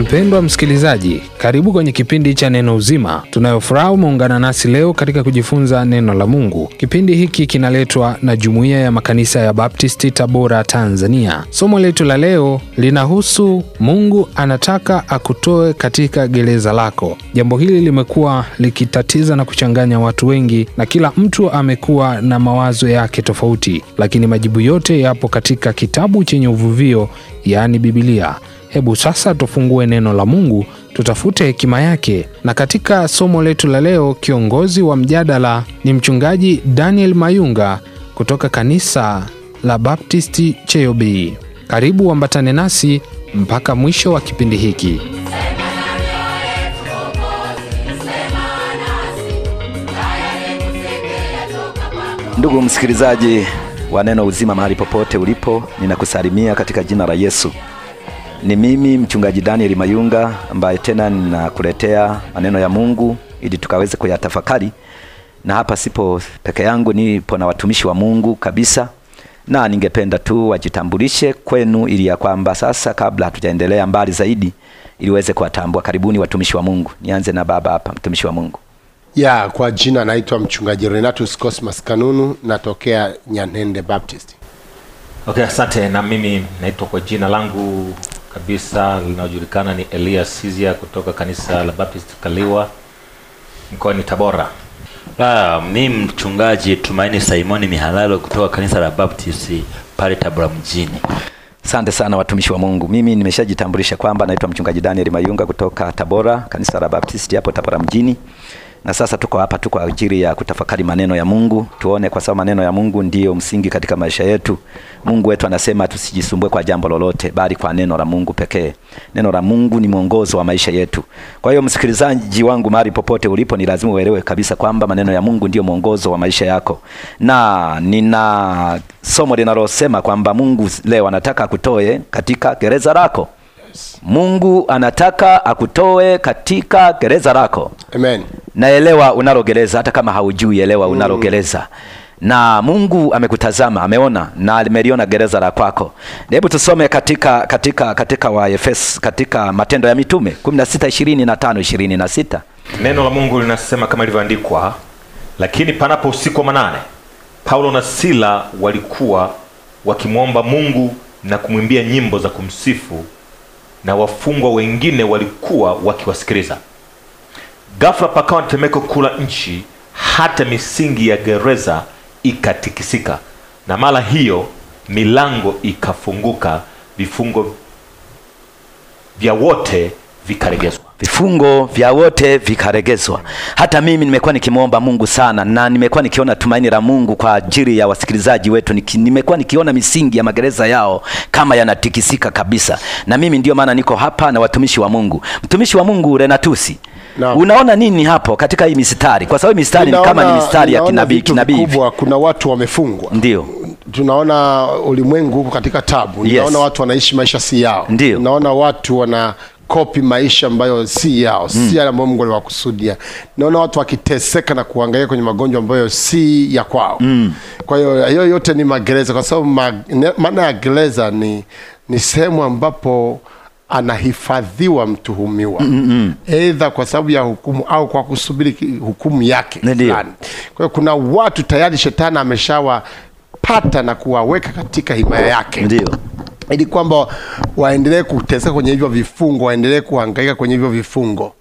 Mpendwa msikilizaji, karibu kwenye kipindi cha Neno Uzima. Tunayofuraha umeungana nasi leo katika kujifunza neno la Mungu. Kipindi hiki kinaletwa na Jumuiya ya Makanisa ya Baptisti, Tabora, Tanzania. Somo letu la leo linahusu Mungu anataka akutoe katika gereza lako. Jambo hili limekuwa likitatiza na kuchanganya watu wengi, na kila mtu amekuwa na mawazo yake tofauti, lakini majibu yote yapo katika kitabu chenye uvuvio, yaani Bibilia. Hebu sasa tufungue neno la Mungu, tutafute hekima yake. Na katika somo letu la leo, kiongozi wa mjadala ni mchungaji Daniel Mayunga kutoka kanisa la Baptisti Cheyobii. Karibu wambatane nasi mpaka mwisho wa kipindi hiki. Ndugu msikilizaji wa Neno Uzima, mahali popote ulipo, ninakusalimia katika jina la Yesu. Ni mimi mchungaji Daniel Mayunga ambaye tena ninakuletea maneno ya Mungu ili tukaweze kuyatafakari, na hapa sipo peke yangu, nipo na watumishi wa Mungu kabisa, na ningependa tu wajitambulishe kwenu, ili ya kwamba sasa, kabla hatujaendelea mbali zaidi, ili uweze kuwatambua. Karibuni watumishi wa Mungu. Nianze na baba hapa, mtumishi wa Mungu. Ya, kwa jina naitwa mchungaji Renatus Cosmas Kanunu, natokea Nyanende Baptist. Okay, asante. Na mimi naitwa kwa jina langu kabisa linalojulikana ni Elia Sizia kutoka kanisa la Baptist Kaliwa mkoani Tabora. Mi mchungaji Tumaini Simoni Mihalalo kutoka kanisa la Baptist pale Tabora mjini. Asante sana watumishi wa Mungu. Mimi nimeshajitambulisha kwamba naitwa mchungaji Daniel Mayunga kutoka Tabora, kanisa la Baptist hapo Tabora mjini na sasa tuko hapa tu kwa ajili ya kutafakari maneno ya Mungu, tuone kwa sababu maneno ya Mungu ndiyo msingi katika maisha yetu. Mungu wetu anasema tusijisumbue kwa jambo lolote, bali kwa neno la Mungu pekee. Neno la Mungu ni mwongozo wa maisha yetu. Kwa hiyo, msikilizaji wangu, mahali popote ulipo, ni lazima uelewe kabisa kwamba maneno ya Mungu ndiyo mwongozo wa maisha yako, na nina somo linalosema kwamba Mungu leo anataka kutoe katika gereza lako. Mungu anataka akutoe katika gereza lako. Amen. Naelewa unalo hata kama haujui, elewa unalo gereza mm. na Mungu amekutazama, ameona na ameliona gereza la kwako. Hebu tusome katika katika katika Waefeso, katika Matendo ya Mitume 16:25 26. Neno la Mungu linasema kama ilivyoandikwa, lakini panapo usiku wa manane Paulo na Sila walikuwa wakimwomba Mungu na kumwimbia nyimbo za kumsifu na wafungwa wengine walikuwa wakiwasikiliza. Ghafla pakawa na tetemeko kuu la nchi, hata misingi ya gereza ikatikisika, na mara hiyo milango ikafunguka, vifungo vya wote vikaregezwa vifungo vya wote vikaregezwa. Hata mimi nimekuwa nikimwomba Mungu sana, na nimekuwa nikiona tumaini la Mungu kwa ajili ya wasikilizaji wetu. Nimekuwa nikiona misingi ya magereza yao kama yanatikisika kabisa, na mimi ndiyo maana niko hapa na watumishi wa Mungu. Mtumishi wa Mungu Renatusi, na unaona nini hapo katika hii mistari? Kwa sababu mistari ni kama ni mistari ya kinabii kinabii. Kuna watu wamefungwa, ndio tunaona ulimwengu huko katika tabu. Yes. Naona watu wanaishi maisha si yao. Naona watu wana kopi maisha ambayo si yao, mm. si yale ambayo Mungu aliwakusudia. Naona watu wakiteseka na kuangalia kwenye magonjwa ambayo si ya kwao. mm. Kwa hiyo hiyo yote ni magereza, kwa sababu maana ya gereza ni, ni sehemu ambapo anahifadhiwa mtuhumiwa mm -mm. mm. kwa sababu ya hukumu au kwa kusubiri hukumu yake Kwa hiyo kuna watu tayari shetani ameshawapata na kuwaweka katika himaya yake. Ndiyo ili kwamba waendelee kuteseka kwenye hivyo vifungo, waendelee kuhangaika kwenye hivyo vifungo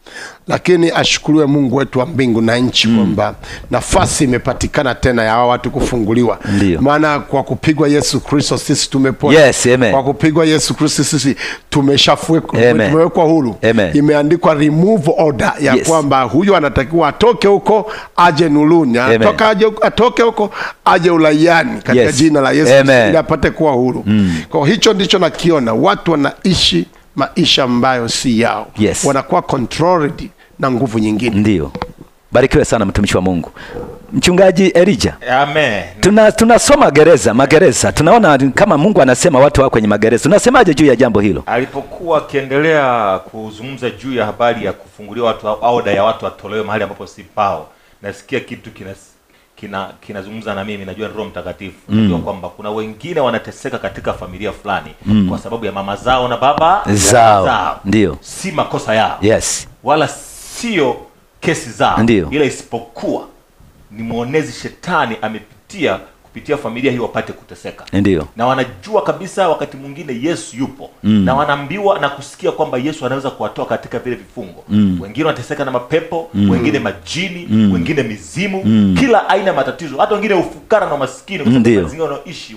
lakini ashukuriwe Mungu wetu wa mbingu na nchi mm. kwamba mm. nafasi imepatikana tena ya hawa watu kufunguliwa, maana kwa kupigwa Yesu Kristo sisi tumepona. Yes, Kwa kupigwa Yesu Kristo sisi tumeshafumewekwa huru. Imeandikwa remove order ya yes. kwamba huyu anatakiwa atoke huko aje nuluni, atoka aje, atoke huko aje ulaiani katika yes. jina la Yesu ili apate kuwa huru mm. Kwa hicho ndicho nakiona watu wanaishi maisha ambayo si yao yes. wanakuwa controlled na nguvu nyingine. Ndio, barikiwe sana mtumishi wa Mungu. Mchungaji Elija. Amen. Tuna tunasoma gereza, magereza. Tunaona kama Mungu anasema watu wao kwenye magereza. Tunasemaje juu ya jambo hilo? Alipokuwa akiendelea kuzungumza juu ya habari ya kufungulia watu au ya watu watolewe mahali ambapo si pao. Nasikia kitu kina kina kinazungumza na mimi, najua Roho Mtakatifu. Mm. Najua kwamba kuna wengine wanateseka katika familia fulani mm. kwa sababu ya mama zao na baba zao. Ndio. Si makosa yao. Yes. Wala sio kesi zao, ila isipokuwa ni mwonezi shetani amepitia kupitia familia hii wapate kuteseka. Ndiyo. Na wanajua kabisa wakati mwingine Yesu yupo mm. na wanaambiwa na kusikia kwamba Yesu anaweza kuwatoa katika vile vifungo mm. wengine wanateseka na mapepo mm. wengine majini mm. wengine mizimu mm. kila aina ya matatizo, hata wengine ufukara na umaskini, mazingira wanaoishi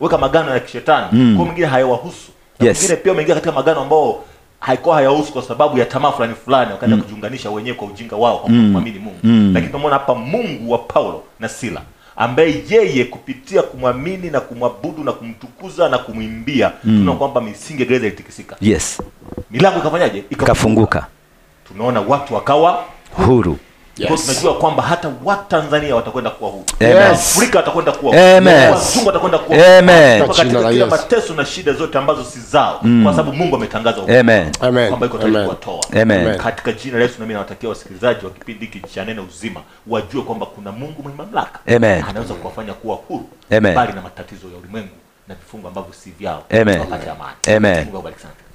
waweka magano ya kishetani mm. kwa mwingine hayawahusu yes. Wengine pia wameingia katika magano ambao haikuwa hayahusu kwa sababu ya tamaa fulani fulani, wakaenda mm. kujiunganisha wenyewe kwa ujinga wao kwa mm. kumwamini Mungu mm. Lakini tunaona hapa Mungu wa Paulo na Sila ambaye yeye kupitia kumwamini na kumwabudu na kumtukuza na kumwimbia mm. tunaona kwamba misingi gereza ilitikisika. Yes, milango ikafanyaje? Ikafunguka. Tunaona watu wakawa huru. Yes. Tunajua kwamba hata Watanzania watakwenda kuwa huru. Afrika watakwenda kuwa huru. Wazungu watakwenda kuwa huru. Katika kila mateso na shida zote ambazo si zao mm. Kwa sababu Mungu ametangaza kwamba iko tayari kuwatoa. Katika jina la Yesu nami nawatakia wasikilizaji wa kipindi hiki cha Neno Uzima wajue kwamba kuna Mungu mwenye mamlaka anaweza kuwafanya kuwa huru bali na matatizo ya ulimwengu na vifungo ambavyo si vyao. Amen.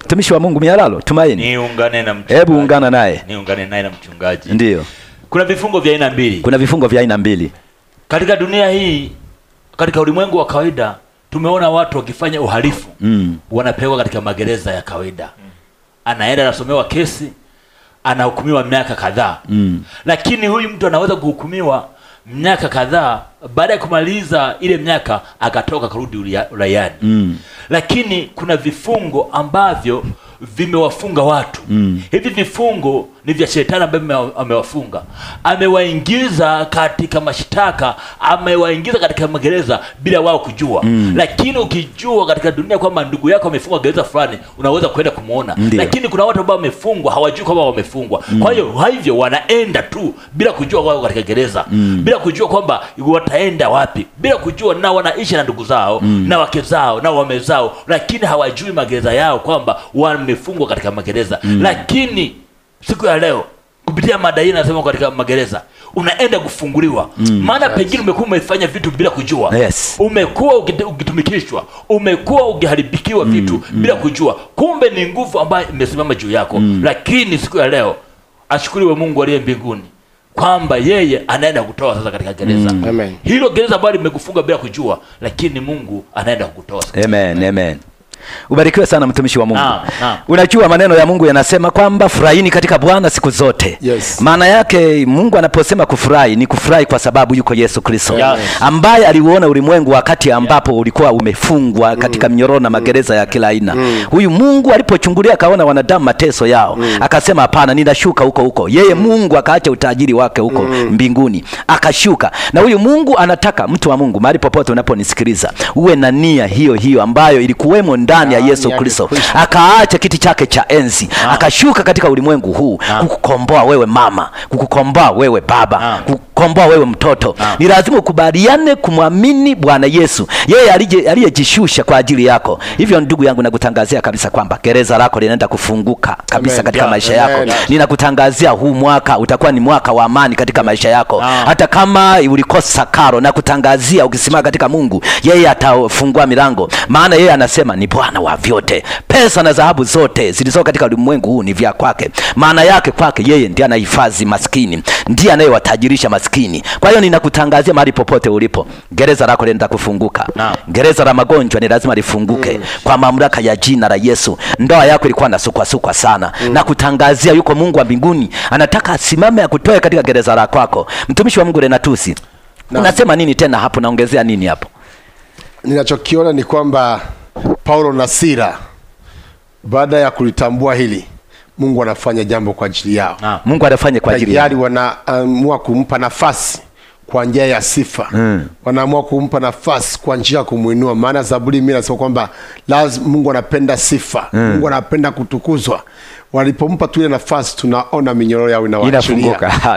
Mtumishi wa Mungu Mialalo Tumaini. Niungane na mchungaji. Hebu ungana naye. Niungane naye na mchungaji. Ndio. Kuna vifungo vya aina mbili. Kuna vifungo vya aina mbili katika dunia hii. Katika ulimwengu wa kawaida tumeona watu wakifanya uhalifu mm. wanapelekwa katika magereza ya kawaida mm. anaenda anasomewa kesi, anahukumiwa miaka kadhaa mm. lakini huyu mtu anaweza kuhukumiwa miaka kadhaa, baada ya kumaliza ile miaka akatoka karudi uraiani mm. lakini kuna vifungo ambavyo vimewafunga watu mm. hivi vifungo ni vya shetani ambaye amewafunga. Amewaingiza katika mashtaka, amewaingiza katika magereza bila wao kujua mm. Lakini ukijua katika dunia kwamba ndugu yako amefungwa gereza fulani, unaweza kwenda kumwona, lakini kuna watu ambao wamefungwa hawajui kwamba wamefungwa mm. Kwa hiyo hivyo wanaenda tu bila kujua wao katika gereza mm. bila kujua kwamba wataenda wapi, bila kujua na wanaishi na ndugu zao mm. na wake zao na wame zao, lakini hawajui magereza yao kwamba wamefungwa katika magereza mm. lakini siku ya leo kupitia mada hii nasema katika magereza unaenda kufunguliwa mm, maana yes. Pengine umekuwa umefanya vitu bila kujua yes. Umekuwa ukitumikishwa, umekuwa ukiharibikiwa mm, vitu mm, bila kujua, kumbe ni nguvu ambayo imesimama juu yako mm. Lakini siku ya leo ashukuriwe Mungu aliye mbinguni kwamba yeye anaenda kutoa sasa katika gereza mm. Hilo gereza ambalo limekufunga bila kujua, lakini Mungu anaenda kukutoa. Amen, amen. Ubarikiwe sana mtumishi wa Mungu. Na, na. Unajua maneno ya Mungu yanasema kwamba furahini katika Bwana siku zote. Yes. Maana yake Mungu anaposema kufurahi ni kufurahi kwa sababu yuko Yesu Kristo. Yes. Ambaye aliuona ulimwengu wakati ambapo yeah, ulikuwa umefungwa mm. katika mnyororo na mm. magereza mm, ya kila aina. Mm. Huyu Mungu alipochungulia akaona wanadamu mateso yao, mm, akasema hapana, ninashuka huko huko. Yeye mm, Mungu akaacha utajiri wake huko mm, mbinguni, akashuka. Na huyu Mungu anataka mtu wa Mungu mahali popote unaponisikiliza, uwe na nia hiyo hiyo ambayo ilikuwemo ndani ya Yesu Kristo, akaacha kiti chake cha enzi akashuka katika ulimwengu huu kukukomboa wewe mama, kukukomboa wewe baba, kukomboa wewe mtoto ah. Ni lazima ukubaliane kumwamini Bwana Yesu, yeye aliyejishusha kwa ajili yako. Hivyo ndugu yangu, nakutangazia kabisa kwamba gereza lako linaenda kufunguka kabisa katika maisha yako Ninakutangazia huu mwaka utakuwa ni mwaka wa amani katika maisha yako ah. Hata kama ulikosa karo, nakutangazia ukisimama katika Mungu, yeye atafungua milango, maana yeye anasema ni Bwana wa vyote. Pesa na dhahabu zote zilizo katika ulimwengu huu ni vya kwake. Maana yake kwake yeye ndiye anahifadhi maskini, ndiye anayewatajirisha maskini maskini. Kwa hiyo ninakutangazia mahali popote ulipo, gereza lako lenda kufunguka no. Gereza la magonjwa ni lazima lifunguke mm. Kwa mamlaka ya jina la Yesu. Ndoa yako ilikuwa sukwa sana mm. Nakutangazia yuko Mungu wa mbinguni anataka asimame akutoe katika gereza la kwako. Mtumishi wa Mungu Renatusi no. Unasema nini tena hapo? Naongezea nini hapo? Ninachokiona ni kwamba Paulo na Sila baada ya kulitambua hili Mungu anafanya jambo kwa ajili yao. Ah, Mungu anafanya kwa ajili yao. Wanaamua kumpa nafasi kwa njia ya sifa mm. Wanaamua kumpa nafasi kwa njia ya kumwinua, maana Zaburi mimi nasema kwamba lazima Mungu anapenda sifa mm. Mungu anapenda kutukuzwa walipompa tu ile nafasi, tunaona minyororo yao inawachilia.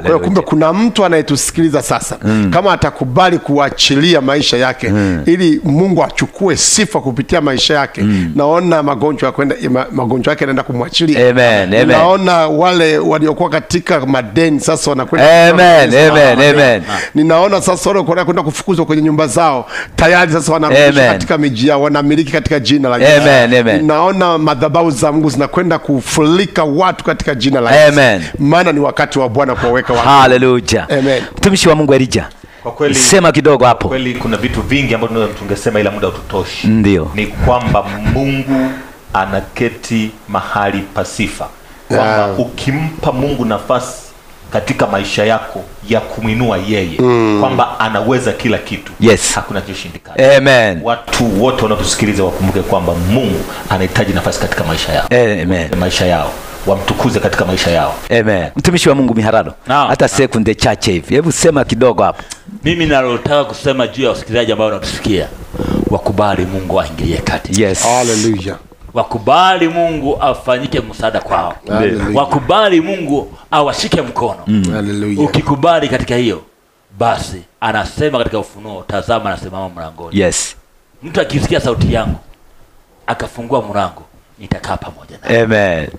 Kwa kumbe kuna mtu anayetusikiliza sasa mm. kama atakubali kuachilia maisha yake mm. ili Mungu achukue sifa kupitia maisha yake mm. naona magonjwa yake magonjwa yake yanaenda kumwachilia. Amen, amen. Naona wale waliokuwa katika madeni sasa wanakwenda. Amen, amen, amen. Ah. Ninaona sasa wale wanakwenda kwenda kufukuzwa kwenye nyumba zao tayari sasa wanarudi katika miji yao, wanamiliki katika jina la Yesu. Amen, amen. Naona madhabahu za Mungu zinakwenda kufuli kuwaalika watu katika jina la Yesu, maana ni wakati wa Bwana kuwaweka watu. Haleluya, amen. Mtumishi wa Mungu Elija, kwa kweli sema kidogo hapo. Kwa kweli kuna vitu vingi ambavyo tungesema ila muda ututoshi. Ndio, ni kwamba Mungu anaketi mahali pasifa, kwamba ukimpa Mungu nafasi katika maisha yako ya kumwinua yeye mm. kwamba anaweza kila kitu yes. hakuna kioshindikana amen watu wote wanaotusikiliza wakumbuke kwamba mungu anahitaji nafasi katika maisha yao amen. maisha yao wamtukuze katika maisha yao amen mtumishi wa mungu miharado no, hata no. sekunde chache hivi hebu sema kidogo hapo mimi nalotaka kusema juu ya wasikilizaji ambao wanatusikia wakubali mungu aingilie kati yes. Hallelujah wakubali mungu afanyike msaada kwao wakubali mungu awashike mkono mm. ukikubali katika hiyo basi anasema katika ufunuo tazama anasimama mlangoni yes mtu akisikia sauti yangu akafungua mlango nitakaa pamoja naye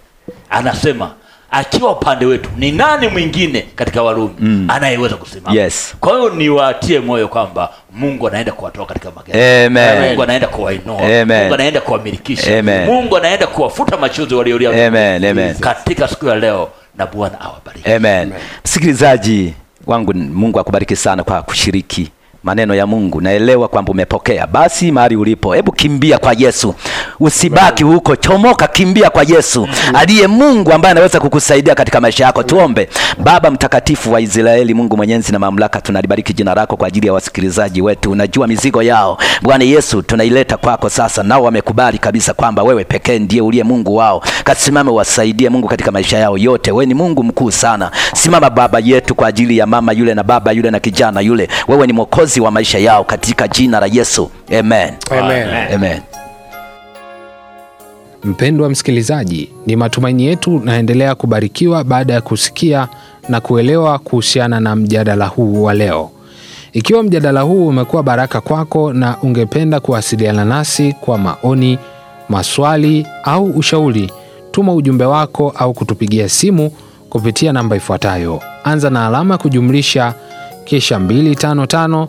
anasema akiwa upande wetu, ni nani mwingine katika Warumi mm. anayeweza kusimama? Yes. Kwa hiyo niwatie moyo kwamba Mungu anaenda kuwatoa katika magereza. Mungu anaenda kuwainua. Mungu anaenda kuwamilikisha. Mungu anaenda kuwafuta machozi waliolia. Katika siku ya leo na Bwana awabariki. Amen. Msikilizaji wangu, Mungu akubariki sana kwa kushiriki maneno ya Mungu, naelewa kwamba umepokea. Basi mahali ulipo, hebu kimbia kwa Yesu, usibaki huko, chomoka, kimbia kwa Yesu aliye Mungu ambaye anaweza kukusaidia katika maisha yako. Tuombe. Baba mtakatifu wa Israeli, Mungu mwenyezi na mamlaka, tunalibariki jina lako kwa ajili ya wasikilizaji wetu. Unajua mizigo yao, Bwana Yesu, tunaileta kwako sasa, nao wamekubali kabisa kwamba wewe pekee ndiye uliye Mungu wao. Kasimame, wasaidie Mungu katika maisha yao yote. Wewe ni Mungu mkuu sana. Simama Baba yetu kwa ajili ya mama yule na baba yule na kijana yule, wewe ni mwokozi ukombozi wa maisha yao katika jina la Yesu Amen. Amen. Amen. Amen. Mpendwa msikilizaji, ni matumaini yetu naendelea kubarikiwa baada ya kusikia na kuelewa kuhusiana na mjadala huu wa leo. Ikiwa mjadala huu umekuwa baraka kwako na ungependa kuwasiliana nasi kwa maoni, maswali au ushauri, tuma ujumbe wako au kutupigia simu kupitia namba ifuatayo: anza na alama kujumlisha kisha 255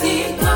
Party.